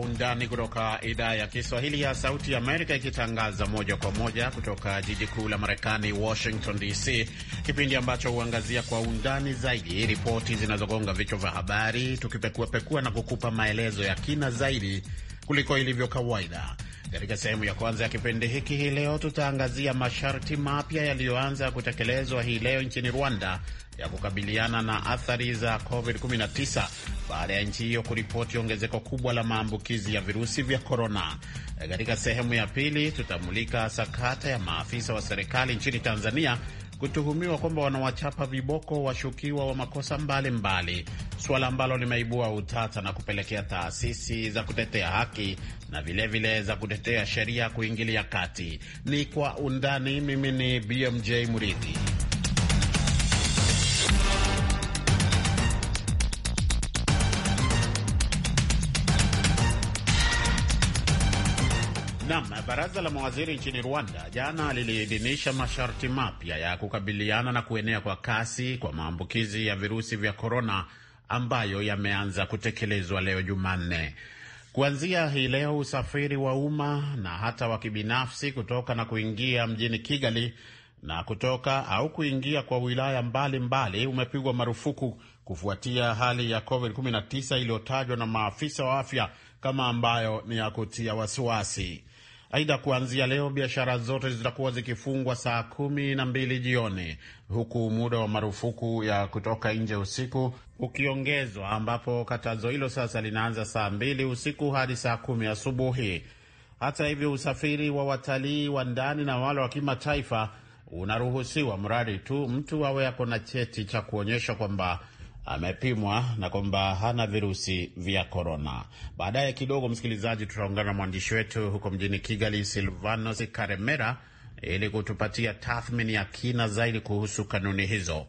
undani kutoka idhaa ya Kiswahili ya Sauti ya Amerika, ikitangaza moja kwa moja kutoka jiji kuu la Marekani, Washington DC, kipindi ambacho huangazia kwa undani zaidi ripoti zinazogonga vichwa vya habari, tukipekuapekua na kukupa maelezo ya kina zaidi kuliko ilivyo kawaida. Katika sehemu ya kwanza ya kipindi hiki hii leo tutaangazia masharti mapya yaliyoanza kutekelezwa hii leo nchini Rwanda ya kukabiliana na athari za COVID-19 baada ya nchi hiyo kuripoti ongezeko kubwa la maambukizi ya virusi vya korona. Katika sehemu ya pili tutamulika sakata ya maafisa wa serikali nchini Tanzania kutuhumiwa kwamba wanawachapa viboko washukiwa wa makosa mbalimbali, suala ambalo limeibua utata na kupelekea taasisi za kutetea haki na vilevile vile za kutetea sheria kuingilia kati. Ni kwa undani. Mimi ni BMJ Murithi. Nam, baraza la mawaziri nchini Rwanda jana liliidhinisha masharti mapya ya kukabiliana na kuenea kwa kasi kwa maambukizi ya virusi vya korona ambayo yameanza kutekelezwa leo Jumanne. Kuanzia hii leo, usafiri wa umma na hata wa kibinafsi kutoka na kuingia mjini Kigali na kutoka au kuingia kwa wilaya mbalimbali umepigwa marufuku kufuatia hali ya COVID-19 iliyotajwa na maafisa wa afya kama ambayo ni ya kutia wasiwasi. Aidha, kuanzia leo biashara zote zitakuwa zikifungwa saa kumi na mbili jioni huku muda wa marufuku ya kutoka nje usiku ukiongezwa, ambapo katazo hilo sasa linaanza saa mbili usiku hadi saa kumi asubuhi. Hata hivyo, usafiri wa watalii wa ndani na wale wa kimataifa unaruhusiwa mradi tu mtu awe ako na cheti cha kuonyesha kwamba amepimwa na kwamba hana virusi vya korona. Baadaye kidogo, msikilizaji, tutaungana na mwandishi wetu huko mjini Kigali, Silvanos Karemera ili kutupatia tathmini ya kina zaidi kuhusu kanuni hizo.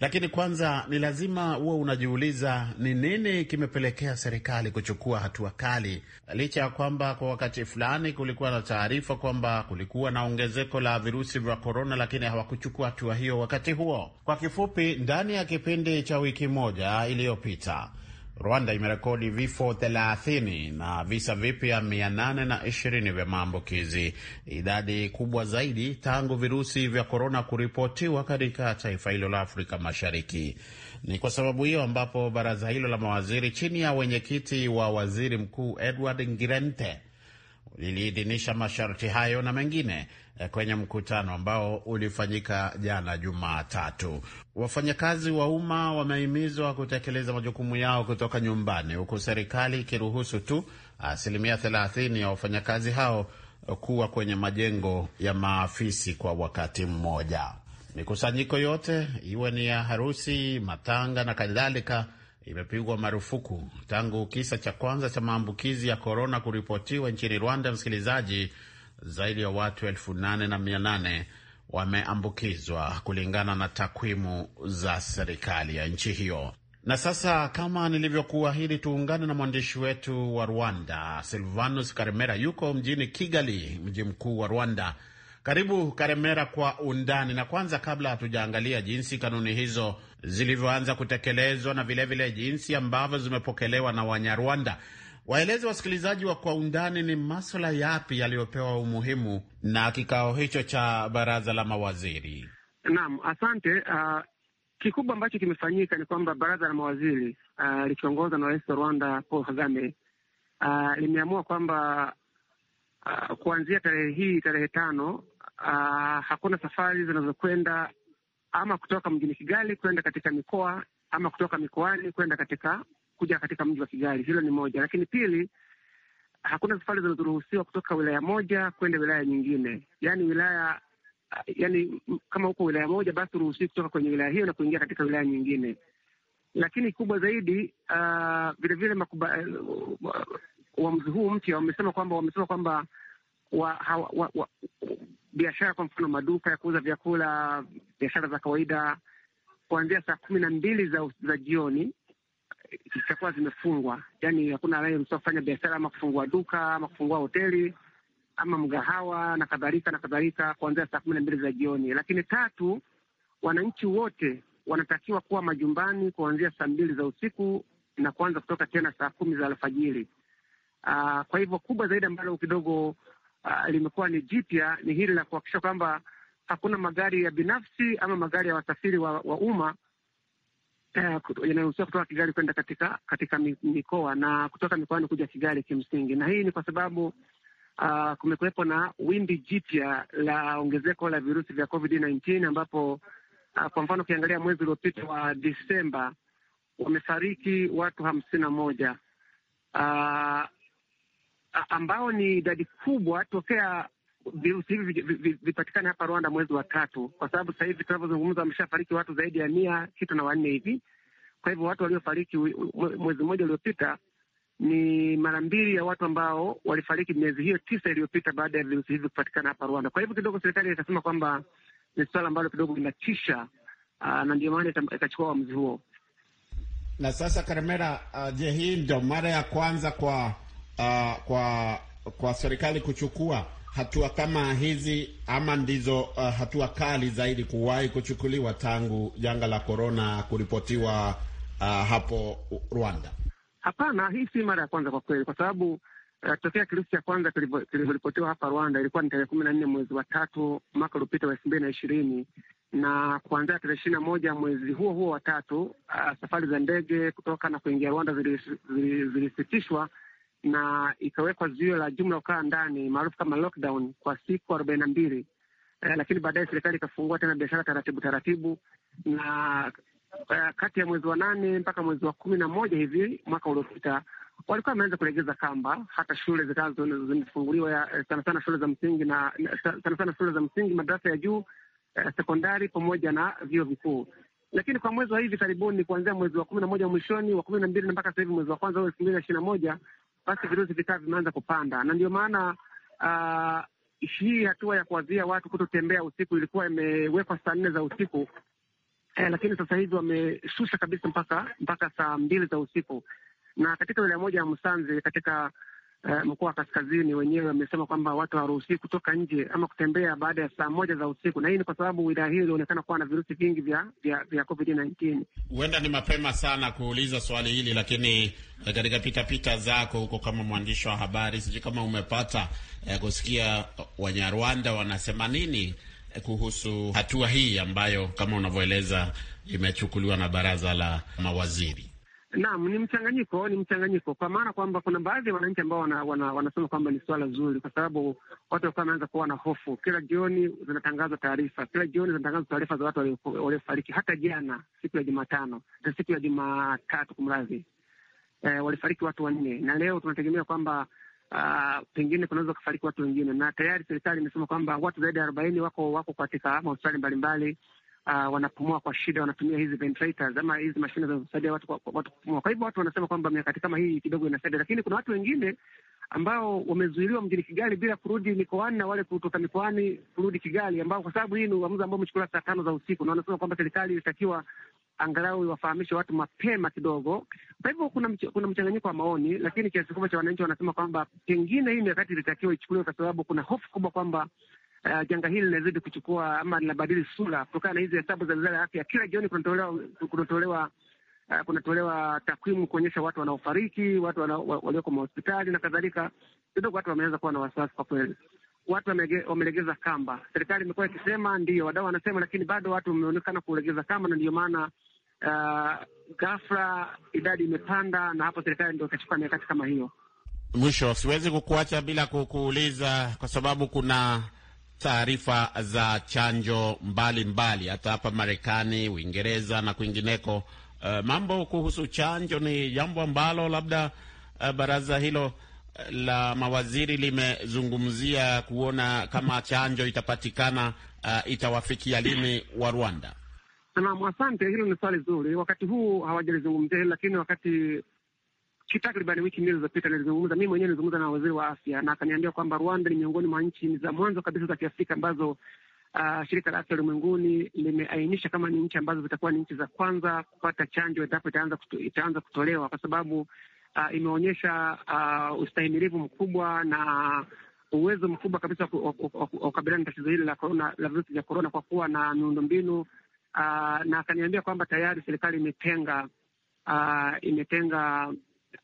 Lakini kwanza ni lazima huwa unajiuliza ni nini kimepelekea serikali kuchukua hatua kali, licha ya kwamba kwa wakati fulani kulikuwa na taarifa kwamba kulikuwa na ongezeko la virusi vya korona, lakini hawakuchukua hatua hiyo wakati huo. Kwa kifupi, ndani ya kipindi cha wiki moja iliyopita Rwanda imerekodi vifo 30 na visa vipya 820 vya maambukizi, idadi kubwa zaidi tangu virusi vya korona kuripotiwa katika taifa hilo la Afrika Mashariki. Ni kwa sababu hiyo ambapo baraza hilo la mawaziri chini ya wenyekiti wa waziri mkuu Edward Ngirente liliidhinisha masharti hayo na mengine Eh, kwenye mkutano ambao ulifanyika jana Jumatatu. Wafanyakazi wa umma wamehimizwa kutekeleza majukumu yao kutoka nyumbani, huku serikali ikiruhusu tu asilimia thelathini ya wafanyakazi hao kuwa kwenye majengo ya maafisi kwa wakati mmoja. Mikusanyiko yote iwe ni ya harusi, matanga na kadhalika imepigwa marufuku tangu kisa cha kwanza cha maambukizi ya korona kuripotiwa nchini Rwanda, msikilizaji zaidi ya watu elfu nane na mia nane wameambukizwa kulingana na takwimu za serikali ya nchi hiyo. Na sasa kama nilivyokuahidi, tuungane na mwandishi wetu wa Rwanda Silvanus Karemera, yuko mjini Kigali, mji mkuu wa Rwanda. Karibu Karemera kwa undani. Na kwanza, kabla hatujaangalia jinsi kanuni hizo zilivyoanza kutekelezwa na vilevile vile jinsi ambavyo zimepokelewa na Wanyarwanda, Waeleze wasikilizaji wa kwa undani ni maswala yapi yaliyopewa umuhimu na kikao hicho cha baraza la mawaziri. Naam, asante. Uh, kikubwa ambacho kimefanyika ni kwamba baraza la mawaziri uh, likiongozwa na rais wa Rwanda Paul Kagame uh, limeamua kwamba uh, kuanzia tarehe hii tarehe tano uh, hakuna safari zinazokwenda ama kutoka mjini Kigali kwenda katika mikoa ama kutoka mikoani kwenda katika kuja katika mji wa Kigali. Hilo ni moja, lakini pili, hakuna safari zinazoruhusiwa kutoka wilaya moja kwenda wilaya nyingine, yani wilaya yani kama huko wilaya moja basi uruhusiwi kutoka kwenye wilaya hiyo na kuingia katika wilaya nyingine. Lakini kubwa zaidi vilevile, ah, uh, uamuzi huu mpya wamesema kwamba wamesema kwamba wa, wa, wa, wa, biashara kwa mfano maduka ya kuuza vyakula, biashara za kawaida kuanzia saa kumi na mbili za, za jioni zitakuwa zimefungwa, yani hakuna anayeruhusiwa kufanya biashara ama kufungua duka ama kufungua hoteli ama mgahawa na kadhalika na kadhalika, kuanzia saa kumi na mbili za jioni. Lakini tatu, wananchi wote wanatakiwa kuwa majumbani kuanzia saa mbili za usiku na kuanza kutoka tena saa kumi za alfajiri. Uh, kwa hivyo kubwa zaidi ambalo kidogo uh, limekuwa ni jipya ni hili la kuhakikisha kwamba hakuna magari ya binafsi ama magari ya wasafiri wa, wa umma Eh, uh, inaruhusiwa kutoka Kigali kwenda katika katika mikoa na kutoka mikoani kuja Kigali kimsingi, na hii ni kwa sababu uh, kumekuwepo na wimbi jipya la ongezeko la virusi vya COVID-19 ambapo uh, kwa mfano ukiangalia mwezi uliopita wa Disemba wamefariki watu hamsini na moja uh, ambao ni idadi kubwa tokea virusi hivi vipatikane hapa Rwanda mwezi wa tatu, kwa sababu sasa hivi tunavyozungumza wameshafariki watu zaidi ya mia sita na wanne hivi. Kwa hivyo watu waliofariki mwezi mmoja uliopita ni mara mbili ya watu ambao walifariki miezi hiyo tisa iliyopita baada ya virusi hivi kupatikana hapa Rwanda. Kwa hivyo kidogo serikali itasema kwamba ni suala ambalo kidogo linatisha, ah, na ndio maana ikachukua uamuzi huo. Na sasa Karemera, uh, je, hii ndio mara ya kwanza kwa uh, kwa kwa serikali kuchukua hatua kama hizi ama ndizo uh, hatua kali zaidi kuwahi kuchukuliwa tangu janga la korona kuripotiwa uh, hapo Rwanda? Hapana, hii si mara ya kwanza kwa kweli, kwa sababu uh, tokea kirusi cha kwanza kilivyoripotiwa hapa Rwanda ilikuwa ni tarehe kumi na nne mwezi wa tatu mwaka uliopita wa elfu mbili na ishirini na kuanzia tarehe ishirini na moja mwezi huo huo wa tatu uh, safari za ndege kutoka na kuingia Rwanda zilisitishwa zili, zili na ikawekwa zuio la jumla kukaa ndani maarufu kama lockdown kwa siku arobaini na mbili. Eh, lakini baadaye serikali ikafungua tena biashara taratibu taratibu, na eh, kati ya mwezi wa nane mpaka mwezi wa kumi na moja hivi mwaka uliopita walikuwa wameanza kulegeza kamba. Hata shule zikazo zimefunguliwa eh, sana sana shule za msingi na sana sana shule za msingi, madarasa ya juu, eh, sekondari pamoja na vyuo vikuu. Lakini kwa mwezi wa hivi karibuni, kuanzia mwezi wa kumi na moja mwishoni wa kumi na mbili na mpaka sasa hivi mwezi wa kwanza elfu mbili na ishirini na moja basi virusi vikaa vimeanza kupanda, na ndio maana uh, hii hatua ya kuwazia watu kutotembea usiku ilikuwa imewekwa saa nne za usiku eh, lakini sasa hivi wameshusha kabisa mpaka mpaka saa mbili za usiku. Na katika wilaya moja ya Msanzi katika uh, mkoa wa kaskazini wenyewe wamesema kwamba watu hawaruhusiwi kutoka nje ama kutembea baada ya saa moja za usiku, na hii ni kwa sababu wilaya hiyo ilionekana kuwa na virusi vingi vya vya, vya COVID-19. Huenda ni mapema sana kuuliza swali hili, lakini eh, katika pitapita zako huko kama mwandishi wa habari, sijui kama umepata eh, kusikia Wanyarwanda wanasema nini eh, kuhusu hatua hii ambayo kama unavyoeleza imechukuliwa na baraza la mawaziri. Naam, ni mchanganyiko, ni mchanganyiko kwa maana kwamba kuna baadhi ya wananchi ambao wana, wana, wanasema kwamba ni swala zuri, kwa sababu watu walikuwa wameanza kuwa na hofu. Kila jioni zinatangazwa taarifa, kila jioni zinatangazwa taarifa za watu waliofariki. Hata jana siku ya Jumatano na siku ya Jumatatu kumradhi, e, walifariki watu wanne, na leo tunategemea kwamba uh, pengine kunaweza kufariki watu wengine, na tayari serikali imesema kwamba watu zaidi ya arobaini wako wako katika mahospitali mbalimbali uh, wanapumua kwa shida, wanatumia hizi ventilators ama hizi mashine zinazosaidia watu, watu kupumua. Kwa hivyo watu wanasema kwamba miakati kama hii kidogo inasaidia, lakini kuna watu wengine ambao wamezuiliwa mjini Kigali bila kurudi mikoani na wale kutoka mikoani kurudi Kigali, ambao kwa sababu hii ni uamuzi ambao umechukuliwa saa tano za usiku, na wanasema kwamba serikali ilitakiwa angalau iwafahamishe watu mapema kidogo. Kwa hivyo kuna mch kuna mchanganyiko wa maoni, lakini kiasi kikubwa cha wananchi wanasema kwamba pengine hii mikakati ilitakiwa ichukuliwe, kwa sababu kuna hofu kubwa kwamba uh, janga hili linazidi kuchukua ama linabadili sura kutokana na hizi hesabu za wizara ya afya. Kila jioni kunatolewa kunatolewa uh, kunatolewa takwimu kuonyesha watu wanaofariki, watu wana, walioko mahospitali na kadhalika. Kidogo watu wameanza kuwa na wasiwasi kwa kweli, watu wamelegeza kamba. Serikali imekuwa ikisema ndio wadau wanasema, lakini bado watu wameonekana kulegeza kamba, na ndio maana uh, ghafla idadi imepanda, na hapo serikali ndio ikachukua mikakati kama hiyo. Mwisho, siwezi kukuacha bila kukuuliza kwa sababu kuna taarifa za chanjo mbalimbali mbali, hata hapa Marekani, Uingereza na kwingineko. Uh, mambo kuhusu chanjo ni jambo ambalo labda uh, baraza hilo eh, la mawaziri limezungumzia kuona kama chanjo itapatikana uh, itawafikia lini wa Rwanda. Naam, asante. Hilo ni swali zuri. Wakati huu hawajalizungumzia hili, lakini wakati takriban wiki mbili zilizopita nilizungumza mimi mwenyewe, nilizungumza na waziri wa afya na akaniambia kwamba Rwanda ni miongoni mwa nchi za mwanzo kabisa za Kiafrika ambazo uh, shirika la afya ulimwenguni limeainisha kama ni nchi ambazo zitakuwa ni nchi za kwanza kupata chanjo endapo itaanza kuto, itaanza kutolewa kwa sababu uh, imeonyesha uh, ustahimilivu mkubwa na uwezo mkubwa kabisa wa kukabiliana na tatizo hili la corona, la virusi vya korona kwa kuwa na miundombinu uh, na akaniambia kwamba tayari serikali imetenga uh, imetenga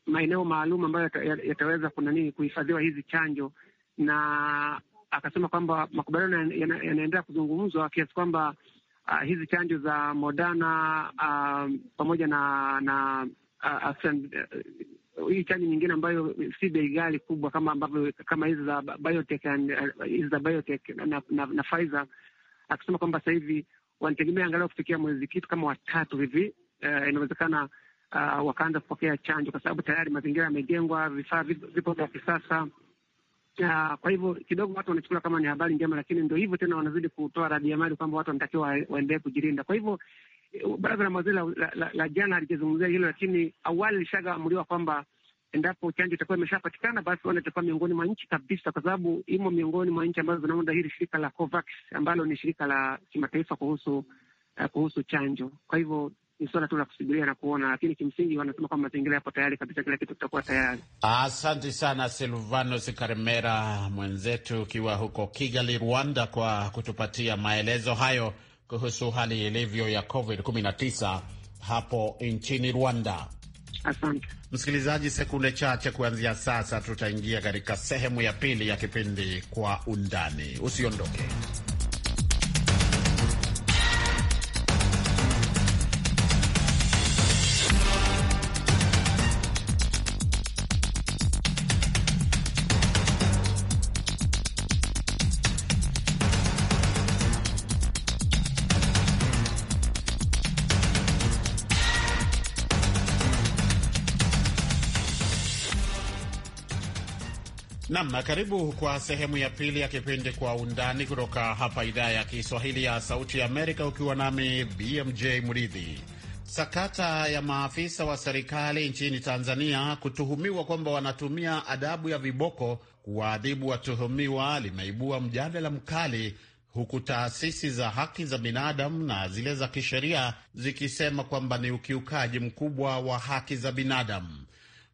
maeneo maalum ambayo yataweza yata kuna nini kuhifadhiwa hizi chanjo, na akasema kwamba makubaliano yanaendelea yana kuzungumzwa kiasi kwamba uh, hizi chanjo za Moderna uh, pamoja na na uh, uh, hii chanjo nyingine ambayo si bei ghali kubwa kama ambavyo kama hizi za biotech and e, hizi za biotech na, na, na Pfizer, akasema kwamba sasa hivi wanategemea angalau kufikia mwezi kitu kama watatu hivi, uh, inawezekana uh, wakaanza kupokea chanjo, kwa sababu tayari mazingira yamejengwa, vifaa vipo vya kisasa. Uh, kwa hivyo kidogo watu wanachukula kama ni habari njema, lakini ndo hivyo tena, wanazidi kutoa radi ya mali kwamba watu wanatakiwa waendelee kujilinda. Kwa hivyo eh, baraza la mawaziri la, la, jana halijazungumzia hilo, lakini awali lishagaamuliwa kwamba endapo chanjo itakuwa imeshapatikana basi Rwanda itakuwa miongoni mwa nchi kabisa, kwa sababu imo miongoni mwa nchi ambazo zinaunda hili shirika la COVAX ambalo ni shirika la kimataifa kuhusu uh, kuhusu chanjo. Kwa hivyo ni swala tu la kusubiria na kuona, lakini kimsingi wanasema kwamba mazingira yapo tayari kabisa, kila kitu kitakuwa tayari. Asante sana silvanus Karemera mwenzetu ukiwa huko Kigali, Rwanda, kwa kutupatia maelezo hayo kuhusu hali ilivyo ya COVID-19 hapo nchini Rwanda. Asante msikilizaji. Sekunde chache kuanzia sasa, tutaingia katika sehemu ya pili ya kipindi Kwa Undani. Usiondoke. Nam, karibu kwa sehemu ya pili ya kipindi Kwa Undani kutoka hapa idhaa ya Kiswahili ya Sauti ya Amerika, ukiwa nami BMJ Mridhi. Sakata ya maafisa wa serikali nchini Tanzania kutuhumiwa kwamba wanatumia adabu ya viboko kuwaadhibu watuhumiwa limeibua mjadala mkali, huku taasisi za haki za binadamu na zile za kisheria zikisema kwamba ni ukiukaji mkubwa wa haki za binadamu.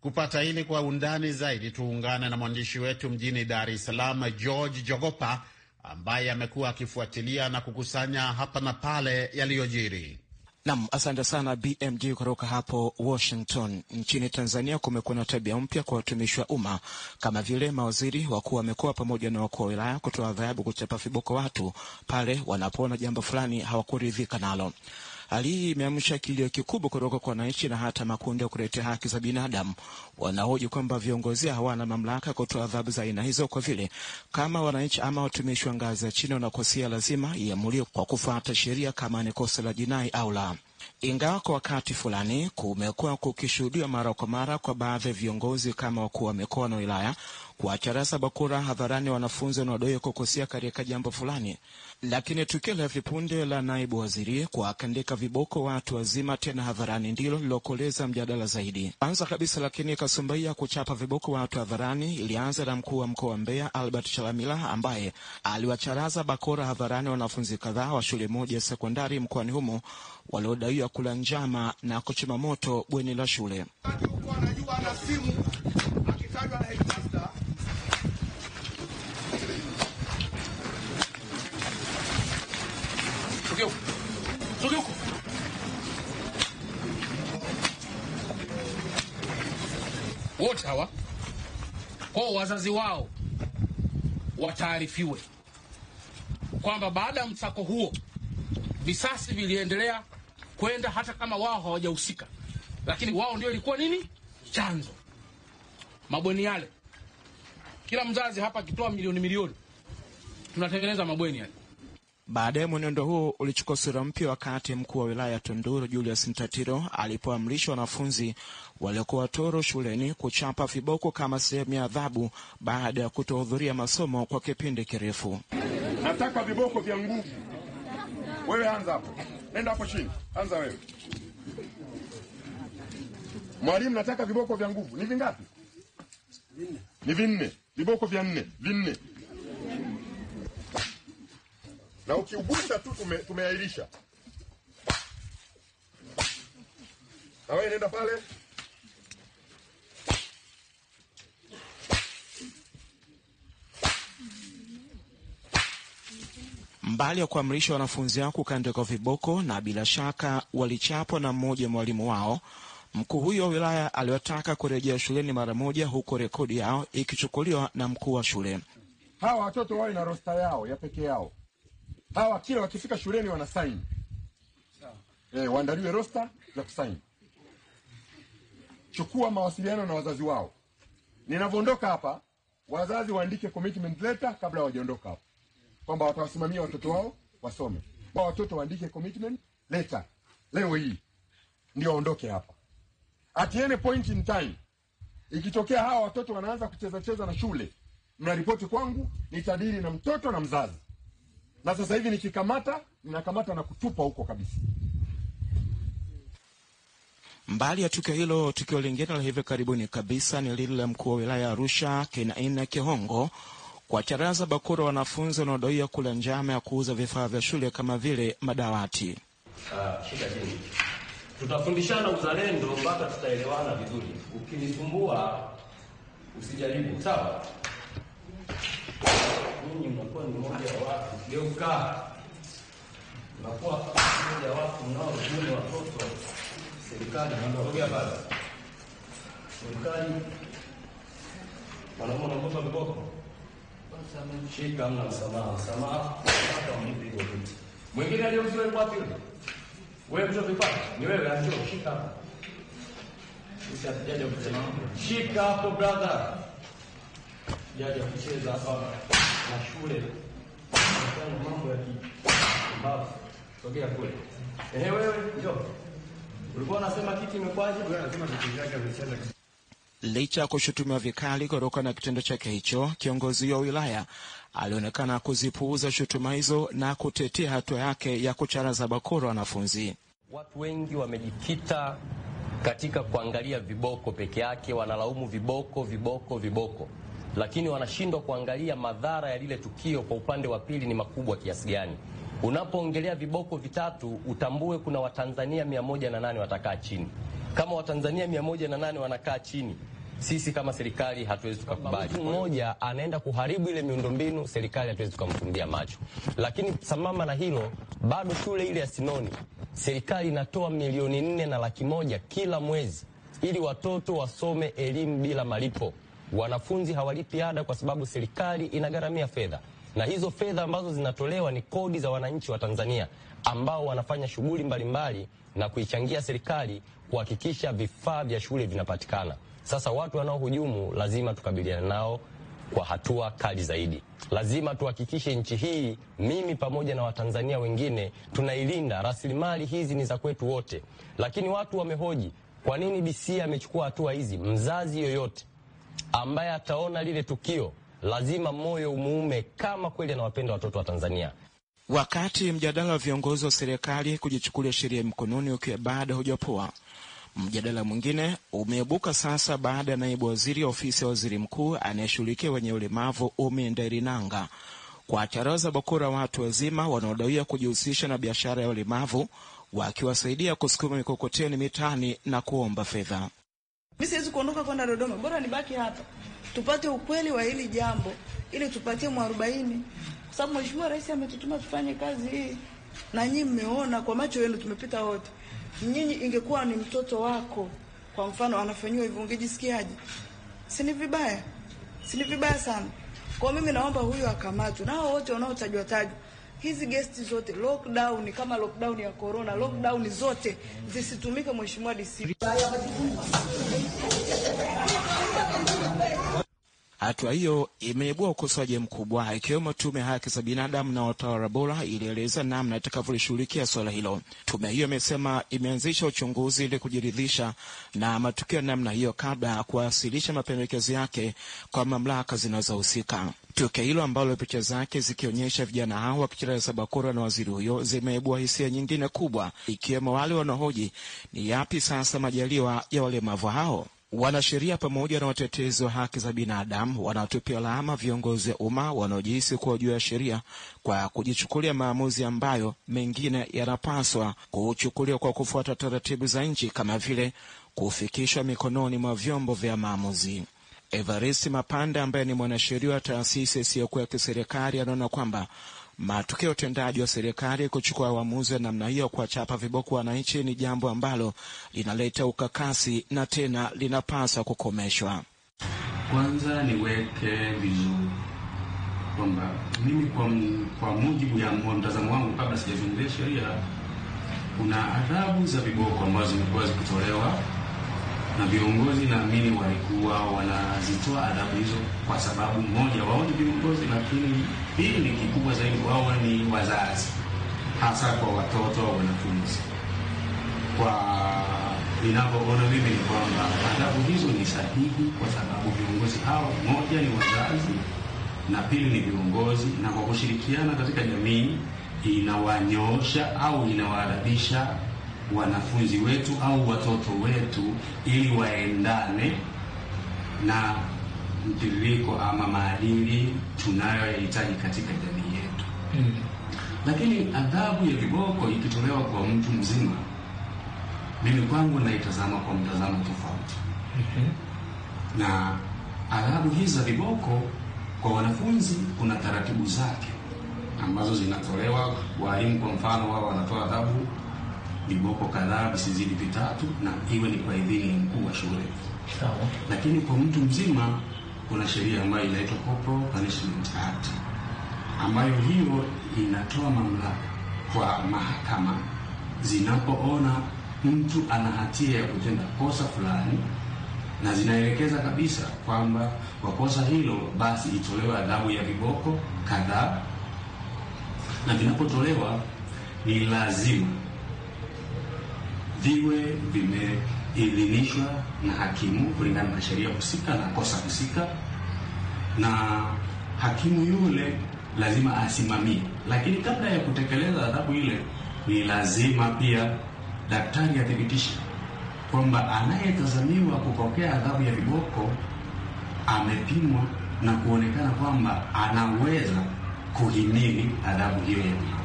Kupata hili kwa undani zaidi, tuungane na mwandishi wetu mjini Dar es Salaam, George Jogopa, ambaye amekuwa akifuatilia na kukusanya hapa na pale yaliyojiri. Nam, asante sana BMG kutoka hapo Washington. Nchini Tanzania kumekuwa na tabia mpya kwa watumishi wa umma kama vile mawaziri wakuu wa mikoa pamoja na wakuu wa wilaya kutoa adhabu kuchapa viboko watu pale wanapoona jambo fulani hawakuridhika nalo. Hali hii imeamsha kilio kikubwa kutoka kwa wananchi na hata makundi ya kuletea haki za binadamu. Wanahoji kwamba viongozi hawana mamlaka kutoa adhabu za aina hizo, kwa vile kama wananchi ama watumishi wa ngazi ya chini wanakosea, lazima iamuliwe kwa kufuata sheria kama ni kosa la jinai au la. Ingawa kwa wakati fulani kumekuwa kukishuhudiwa mara kwa mara kwa baadhi ya viongozi kama wakuu wa mikoa na wilaya kuwacharaza bakura hadharani wanafunzi wanaodaiwa kukosea katika jambo fulani, lakini tukio la hivi punde la naibu waziri kuwakandika viboko watu wazima tena hadharani ndilo lilokoleza mjadala zaidi. Kwanza kabisa, lakini kasumba ya kuchapa viboko watu hadharani ilianza na mkuu wa mkoa wa Mbeya Albert Chalamila ambaye aliwacharaza bakora hadharani wanafunzi kadhaa wa shule moja ya sekondari mkoani humo waliodaiwa kula njama na kuchoma moto bweni la shule. kwao wazazi wao wataarifiwe kwamba baada ya msako huo visasi viliendelea kwenda hata kama wao hawajahusika, lakini wao ndio ilikuwa nini chanzo. Mabweni yale, kila mzazi hapa akitoa milioni milioni, tunatengeneza mabweni yale. Baadaye mwenendo huo ulichukua sura mpya wakati mkuu wa wilaya ya Tunduru Julius Mtatiro alipoamrisha wanafunzi waliokuwa toro shuleni kuchapa viboko kama sehemu ya adhabu baada ya kutohudhuria masomo kwa kipindi kirefu. Nataka viboko vya nguvu. Wewe anza hapo, nenda hapo chini, anza wewe. Mwalimu, nataka viboko vya nguvu. Ni vingapi? Ni vinne, viboko vya nne, vinne na ukiugusa tu tume, tumeairisha na wewe nenda pale mbali ya kuamrisha wanafunzi wao kukandwa kwa viboko na bila shaka walichapwa na mmoja mwalimu wao. Mkuu huyo wa wilaya aliwataka kurejea shuleni mara moja, huku rekodi yao ikichukuliwa na mkuu wa shule. Hawa watoto wawe na rosta yao ya peke yao hawa kila wakifika shuleni wana sign. Sawa. eh, waandaliwe roster za kusign. Chukua mawasiliano na wazazi wao. Ninavyoondoka hapa, wazazi waandike commitment letter kabla hawajaondoka hapa, kwamba watawasimamia watoto wao wasome. Kwa watoto waandike commitment letter leo hii ndio waondoke hapa. At any point in time ikitokea hawa watoto wanaanza kucheza cheza na shule, mnaripoti kwangu, nitadili na mtoto na mzazi na sasa hivi nikikamata, ninakamata na kutupa huko kabisa. Mbali ya tukio hilo, tukio lingine la hivi karibuni kabisa ni lile la mkuu wa wilaya ya Arusha Kenaina Kihongo kwa charaza bakura wanafunzi wanaodaiwa kula njama ya kuuza vifaa vya shule kama vile madawati. Uh, tutafundishana uzalendo mpaka tutaelewana vizuri. Ukinisumbua usijaribu, sawa? ninyi mnakuwa ni mmoja wa watu. Geuka, mnakuwa mmoja wa watu mnaozuni watoto serikali. Mnaongea baba serikali wanaume wanakopa mkopo, shika, mna msamaha. Msamaha hata mlipe hiyo vitu. Mwingine aliyeuziwa kwa wapi? Wewe mtu vipata ni wewe, anjoo, shika hapo Sisi hatujaja kucheza, shika hapo brother, jaja kucheza hapa na shule kufanya mambo ya kipumbavu. Sogea kule. Ehe, wewe njoo. Ulikuwa unasema kiti imekwaje? Wewe lazima vitu vyake vicheza. Licha ya kushutumiwa vikali kutokana na kitendo chake hicho, kiongozi wa wilaya alionekana kuzipuuza shutuma hizo na kutetea hatua yake ya kucharaza bakora wanafunzi. Watu wengi wamejikita katika kuangalia viboko peke yake, wanalaumu viboko, viboko, viboko lakini wanashindwa kuangalia madhara ya lile tukio kwa upande wa pili ni makubwa kiasi gani. Unapoongelea viboko vitatu, utambue kuna Watanzania mia moja na nane watakaa chini. Kama Watanzania mia moja na nane wanakaa chini sisi kama serikali hatuwezi tukakubali. Mtu mmoja anaenda kuharibu ile miundombinu, serikali hatuwezi tukamfumbia macho. Lakini sambamba na hilo, bado shule ile ya Sinoni, serikali inatoa milioni nne na laki moja kila mwezi ili watoto wasome elimu bila malipo wanafunzi hawalipi ada kwa sababu serikali inagharamia fedha, na hizo fedha ambazo zinatolewa ni kodi za wananchi wa Tanzania ambao wanafanya shughuli mbalimbali na kuichangia serikali kuhakikisha vifaa vya shule vinapatikana. Sasa watu wanaohujumu lazima tukabiliane nao kwa hatua kali zaidi. Lazima tuhakikishe nchi hii, mimi pamoja na Watanzania wengine, tunailinda. Rasilimali hizi ni za kwetu wote, lakini watu wamehoji kwa nini DC amechukua hatua hizi. Mzazi yoyote ambaye ataona lile tukio lazima moyo umuume kama kweli anawapenda watoto wa Tanzania. Wakati mjadala wa viongozi wa serikali kujichukulia sheria mkononi ukiwa baada hujapoa, mjadala mwingine umeibuka sasa baada ya naibu waziri wa ofisi ya waziri mkuu anayeshughulikia wenye ulemavu Umi Ndairinanga kuwacharaza bakora watu wazima wanaodaiwa kujihusisha na biashara ya ulemavu wakiwasaidia kusukuma mikokoteni mitaani na kuomba fedha. Mi siwezi kuondoka kwenda Dodoma, bora nibaki hapa tupate ukweli wa hili jambo ili tupatie mwarobaini, kwa sababu Mheshimiwa Rais ametutuma tufanye kazi hii, na nyinyi mmeona kwa macho yenu, tumepita wote. Nyinyi ingekuwa ni mtoto wako kwa mfano anafanyiwa hivyo, ungejisikiaje? Si ni vibaya, si ni vibaya sana. Kwa mimi naomba huyo akamatwe na hao wote wanaotajwa tajwa hizi gesti zote lockdown, kama lockdown ya corona, lockdown zote zisitumike, Mheshimiwa DC. Hatua hiyo imeibua ukosoaji mkubwa, ikiwemo tume ya haki za binadamu na watawara bora ilieleza namna itakavyolishughulikia suala hilo. Tume hiyo imesema imeanzisha uchunguzi ili kujiridhisha na matukio ya namna hiyo kabla ya kuwasilisha mapendekezo yake kwa mamlaka zinazohusika. Tukio hilo ambalo picha zake zikionyesha vijana hao wakicheza sabakora na waziri huyo zimeibua hisia nyingine kubwa, ikiwemo wale wanaohoji ni yapi sasa majaliwa ya walemavu hao. Wanasheria pamoja na watetezi wa haki za binadamu wanatupia lawama viongozi wa umma wanaojihisi kuwa juu ya sheria kwa kujichukulia maamuzi ambayo mengine yanapaswa kuchukuliwa kwa kufuata taratibu za nchi kama vile kufikishwa mikononi mwa vyombo vya maamuzi. Evaristi mapande ambaye ni mwanasheria wa taasisi isiyokuwa ya kiserikali anaona kwamba Matokeo ya utendaji wa serikali kuchukua uamuzi wa namna hiyo kuwachapa viboko wananchi ni jambo ambalo linaleta ukakasi na tena linapaswa kukomeshwa. Kwanza niweke vizuri kwamba mimi kwa, kwa mujibu ya mtazamo wangu, kabla sijazungumzia sheria, kuna adhabu za viboko ambazo zimekuwa zikitolewa na viongozi naamini walikuwa wanazitoa adhabu hizo kwa sababu moja, wao ni viongozi, lakini pili ni kikubwa zaidi, wao ni wazazi, hasa kwa watoto wa wanafunzi. Kwa ninavyoona mimi ni kwamba adhabu hizo ni sahihi, kwa sababu viongozi hao, moja ni wazazi na pili ni viongozi, na kwa kushirikiana katika jamii inawanyoosha au inawaadabisha wanafunzi wetu au watoto wetu ili waendane na mtiririko ama maadili tunayoyahitaji katika jamii yetu. Mm. Lakini adhabu ya viboko ikitolewa kwa mtu mzima, mimi kwangu naitazama kwa mtazamo tofauti. Mm-hmm. Na adhabu hizi za viboko kwa wanafunzi kuna taratibu zake ambazo zinatolewa. Walimu kwa mfano, wao wanatoa adhabu viboko kadhaa visizidi vitatu, na iwe ni kwa idhini ya mkuu wa shule. Lakini kwa mtu mzima kuna sheria ambayo inaitwa Corporal Punishment Act ambayo hiyo inatoa mamlaka kwa mahakama zinapoona mtu ana hatia ya kutenda kosa fulani, na zinaelekeza kabisa kwamba kwa kosa hilo basi itolewe adhabu ya viboko kadhaa, na vinapotolewa ni lazima viwe vimeidhinishwa na hakimu kulingana na sheria husika na kosa husika, na hakimu yule lazima asimamie. Lakini kabla ya kutekeleza adhabu ile, ni lazima pia daktari athibitishe kwamba anayetazamiwa kupokea adhabu ya viboko amepimwa na kuonekana kwamba anaweza kuhimili adhabu hiyo ya viboko.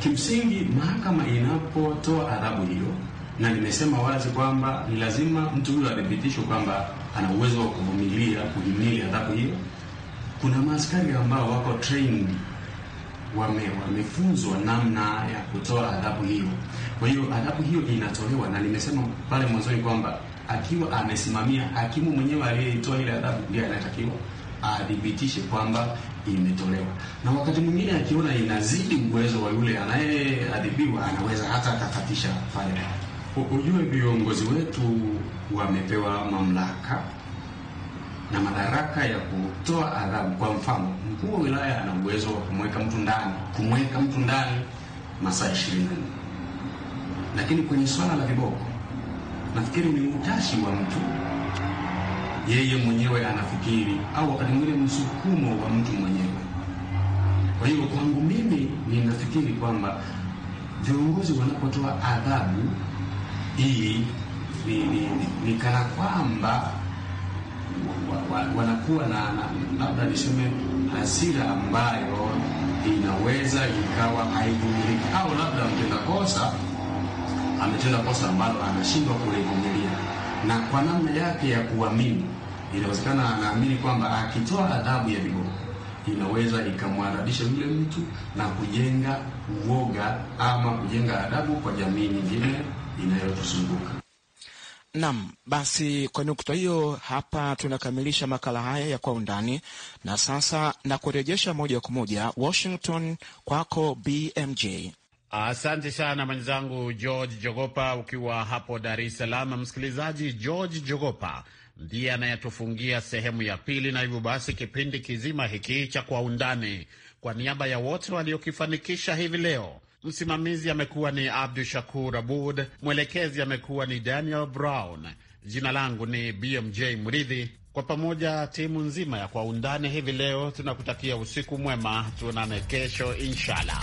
Kimsingi mahakama inapotoa adhabu hiyo, na nimesema wazi kwamba ni lazima mtu huyo athibitishwe kwamba ana uwezo wa kuvumilia, kuhimili adhabu hiyo. Kuna maaskari ambao wako trained, wame wamefunzwa namna ya kutoa adhabu hiyo. Kwa hiyo adhabu hiyo inatolewa, na nimesema pale mwanzoni kwamba akiwa amesimamia hakimu mwenyewe aliyeitoa ile adhabu, ndiye anatakiwa athibitishe kwamba imetolewa. Na wakati mwingine akiona inazidi uwezo wa yule anayeadhibiwa, anaweza hata akakatisha pale Ujue viongozi wetu wamepewa mamlaka na madaraka ya kutoa adhabu. Kwa mfano, mkuu wa wilaya ana uwezo wa kumweka mtu ndani kumweka mtu ndani masaa ishirini na nne, lakini kwenye swala la viboko nafikiri ni utashi wa mtu yeye mwenyewe anafikiri, au wakati mwingine msukumo wa mtu mwenyewe. Kwa hiyo kwangu mimi ninafikiri kwamba viongozi wanapotoa adhabu hii ni, ni, ni, ni kana kwamba wa, wa, wanakuwa na labda niseme hasira ambayo inaweza ikawa haivumiliki, au labda mtenda kosa ametenda kosa ambalo anashindwa kulivumilia, na kwa namna yake ya kuamini inawezekana anaamini kwamba akitoa adhabu ya vigogo inaweza ikamwadabisha yule mtu na kujenga uoga ama kujenga adabu kwa jamii nyingine inayotuzunguka. Naam, basi kwa nukta hiyo hapa tunakamilisha makala haya ya kwa undani, na sasa na kurejesha moja kwa moja Washington kwako BMJ. Asante sana mwenzangu George Jogopa ukiwa hapo Dar es Salaam. Msikilizaji, George Jogopa ndiye anayetufungia sehemu ya pili, na hivyo basi kipindi kizima hiki cha Kwa Undani, kwa niaba ya wote waliokifanikisha hivi leo, msimamizi amekuwa ni Abdu Shakur Abud, mwelekezi amekuwa ni Daniel Brown, jina langu ni BMJ Mridhi. Kwa pamoja timu nzima ya Kwa Undani hivi leo tunakutakia usiku mwema, tuonane kesho inshallah.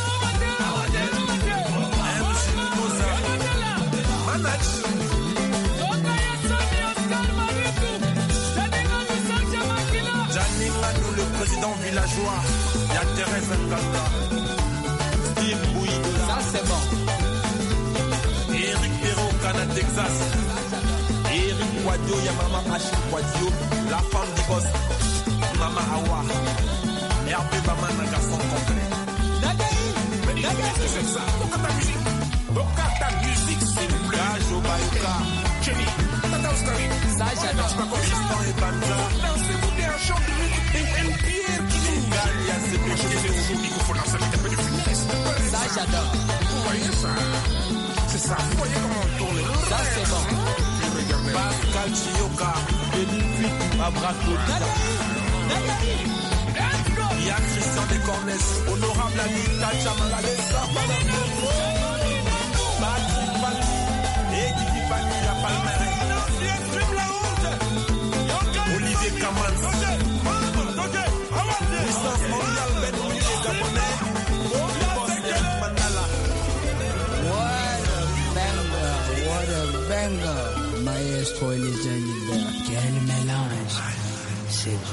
joie. il y a Thérèse Nkata, Steve Bouidola. Ça c'est bon. Eric Perrault, Canada, Texas. Eric Kwadio, il y a Maman Achille Kwadio, la femme du boss, Maman Hawa Et Baman, Un garçon complet. Mais qu'est-ce que c'est ça Pourquoi ta musique Pourquoi ta musique s'il vous plaît Gajo Bayouka. Jenny, Tata Oskari. Ça j'adore. Tristan et Banza. j'adore. Vous voyez ça hein. C'est ça, vous voyez comment on tourne. Ça, c'est bon. Pascal Chioka, Denis Abraco. Il y a Christian Descornes, honorable ami Tacha Malalé, Patrick Patti et Didi la Palmer. spoil is there. Gel Sevgi